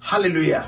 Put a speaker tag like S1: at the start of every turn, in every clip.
S1: hallelujah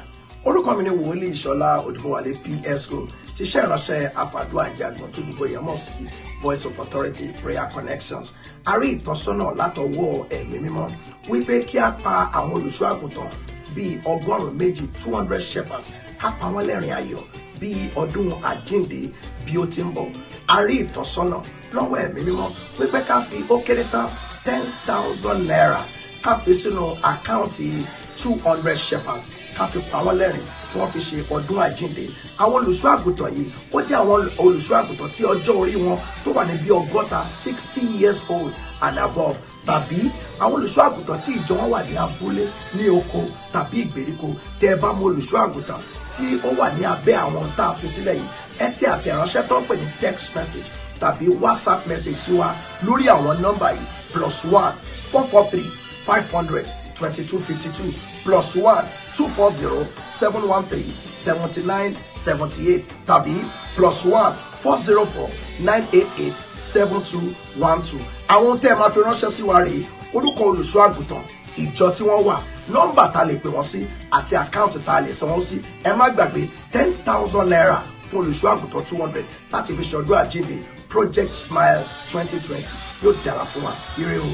S1: orúkọ mi ni wòlíì ìṣọlá odùmọwálé pso ti ṣe ìránṣẹ́ àfàdúrà jagun tó dùbò yẹmọ sí voice of authority prayer connections a rí ìtọ́sọ́nà látọwọ́ ẹ̀mí mímọ́ wípé kí a pa àwọn olùṣọ́ àgùntàn bíi ọgọ́rùn-ún méjì two hundred shepherds ká pa wọ́n lẹ́rìn ayọ̀ bíi ọdún àjíǹde bí ó ti ń bọ̀ a rí ìtọ́sọ́nà lọ́wọ́ ẹ̀mí mímọ́ wípé ká fi ó kéré tán ten thousand naira ká fi sínú àkáǹtì two hundred shepherds ká fi pa wọ́n lẹ́rìn kí wọ́n fi ṣe ọdún àjíǹde àwọn olùṣọ́ àgùntàn yìí ó jẹ́ àwọn olùṣọ́ àgùntàn tí ọjọ́ orí wọn tó wà ní bí ọgọ́ta sixty years old and above tàbí àwọn olùṣọ́ àgùntàn tí ìjọ wọn wà ní abúlé ní oko tàbí ìgbèríko tẹ́ ẹ bá mọ̀ olùṣọ́ àgùntàn tí ó wà ní abẹ́ àwọn tá a fi sílẹ̀ yìí ẹ tẹ àtẹ̀ránṣẹ́ tó ń pè ní text message tàbí whatsapp message sí wa lórí àwọn nọ́mbà yìí plus one four four three five hundred twenty-two fifty-two plus one two four zero seven one three seventy-nine seventy-eight tàbí plus one four zero four nine eight eight seven two one two. àwọn tẹ́ ẹ máa fi ránṣẹ́ sí wa rèé orúkọ olùṣọ́ àgùntàn ìjọ tí wọ́n wà nọ́mbà tá a lè pè wọ́n sí àti àkáǹtì tá a lè san wọ́n sí ẹ má gbàgbé ten thousand naira fún olùṣọ́ àgùntàn two hundred láti fi ṣọdún àjíǹde project smile twenty twenty yóò dára fún wa ire o.